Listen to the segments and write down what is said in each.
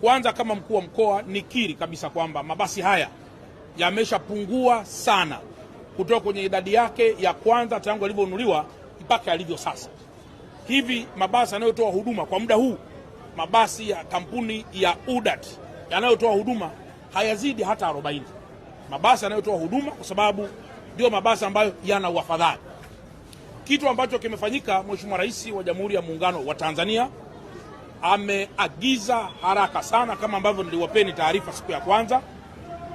Kwanza kama mkuu wa mkoa nikiri kabisa kwamba mabasi haya yameshapungua sana kutoka kwenye idadi yake ya kwanza tangu yalivyonunuliwa mpaka yalivyo sasa hivi. Mabasi yanayotoa huduma kwa muda huu, mabasi ya kampuni ya UDAT yanayotoa huduma hayazidi hata 40 mabasi yanayotoa huduma, kwa sababu ndio mabasi ambayo yana uafadhali, kitu ambacho kimefanyika. Mheshimiwa Rais wa Jamhuri ya Muungano wa Tanzania ameagiza haraka sana kama ambavyo niliwapeni taarifa siku ya kwanza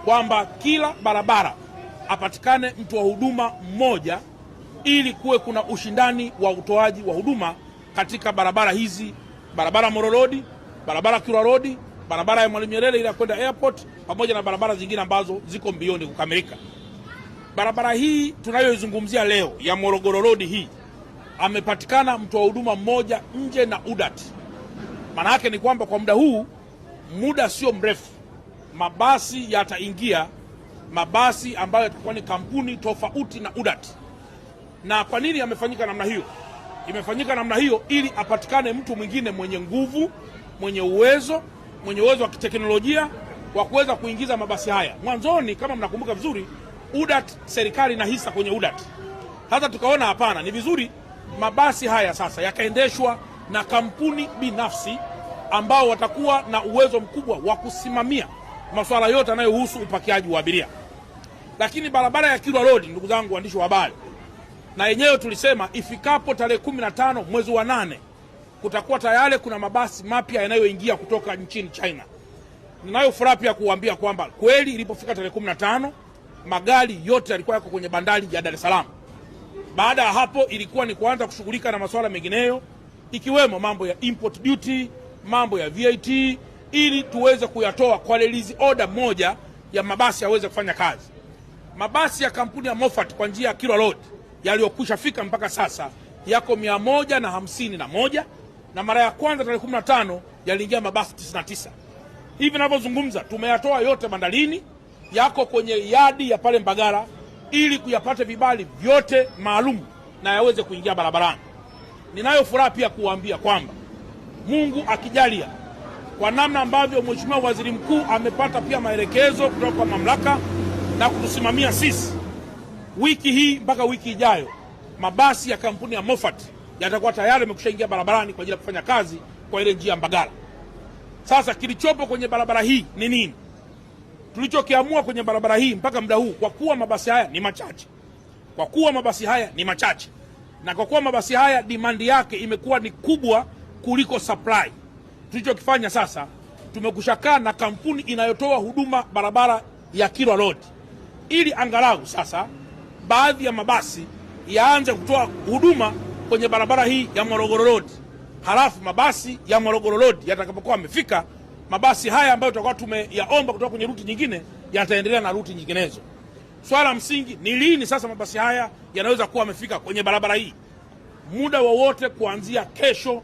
kwamba kila barabara apatikane mtu wa huduma mmoja ili kuwe kuna ushindani wa utoaji wa huduma katika barabara hizi, barabara mororodi barabara Kilwa Road, barabara ya Mwalimu Nyerere ile kwenda airport, pamoja na barabara zingine ambazo ziko mbioni kukamilika. Barabara hii tunayoizungumzia leo ya Morogoro Road hii amepatikana mtu wa huduma mmoja nje na udati maana yake ni kwamba kwa muda huu, muda sio mrefu, mabasi yataingia, mabasi ambayo yatakuwa ni kampuni tofauti na UDART. Na kwa nini yamefanyika namna hiyo? Imefanyika namna hiyo ili apatikane mtu mwingine mwenye nguvu, mwenye uwezo, mwenye uwezo wa kiteknolojia wa kuweza kuingiza mabasi haya. Mwanzoni, kama mnakumbuka vizuri, UDART serikali na hisa kwenye UDART. Sasa tukaona hapana, ni vizuri mabasi haya sasa yakaendeshwa na kampuni binafsi ambao watakuwa na uwezo mkubwa wa kusimamia masuala yote yanayohusu upakiaji wa abiria. Lakini barabara ya Kilwa Road, ndugu zangu waandishi wa habari, na yenyewe tulisema ifikapo tarehe kumi na tano mwezi wa nane kutakuwa tayari kuna mabasi mapya yanayoingia kutoka nchini China. Ninayo furaha pia kuambia kwamba kweli ilipofika tarehe kumi na tano magari yote yalikuwa yako kwenye bandari ya Dar es Salaam. Baada ya hapo ilikuwa ni kuanza kushughulika na masuala mengineyo ikiwemo mambo ya import duty, mambo ya VAT ili tuweze kuyatoa kwa release order moja ya mabasi yaweze kufanya kazi. Mabasi ya kampuni ya Moffat kwa njia ya Kilwa Road yaliyokwisha fika mpaka sasa yako mia moja na hamsini na moja na mara ya kwanza tarehe 15 yaliingia mabasi 99. Hivi ninavyozungumza tumeyatoa yote bandarini, yako kwenye yadi ya pale Mbagara ili kuyapata vibali vyote maalum na yaweze kuingia barabarani ninayo furaha pia kuwaambia kwamba Mungu akijalia, kwa namna ambavyo Mheshimiwa Waziri Mkuu amepata pia maelekezo kutoka kwa mamlaka na kutusimamia sisi, wiki hii mpaka wiki ijayo, mabasi ya kampuni ya Moffat yatakuwa tayari yamekusha ingia barabarani kwa ajili ya kufanya kazi kwa ile njia Mbagala. Sasa kilichopo kwenye barabara hii ni nini? Tulichokiamua kwenye barabara hii mpaka muda huu, kwa kuwa mabasi haya ni machache, kwa kuwa mabasi haya ni machache na kwa kuwa mabasi haya dimandi yake imekuwa ni kubwa kuliko supply, tulichokifanya sasa, tumekushakaa na kampuni inayotoa huduma barabara ya Kilwa Road ili angalau sasa baadhi ya mabasi yaanze kutoa huduma kwenye barabara hii ya Morogoro Road. Halafu mabasi ya Morogoro Road yatakapokuwa yamefika, mabasi haya ambayo tutakuwa tumeyaomba kutoka kwenye ruti nyingine yataendelea na ruti nyinginezo. Swala msingi ni lini sasa mabasi haya yanaweza kuwa yamefika kwenye barabara hii? Muda wowote kuanzia kesho,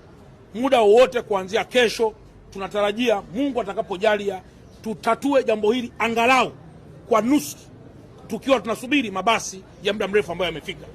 muda wowote kuanzia kesho. Tunatarajia Mungu atakapojalia, tutatue jambo hili angalau kwa nusu, tukiwa tunasubiri mabasi ya muda mrefu ambayo yamefika.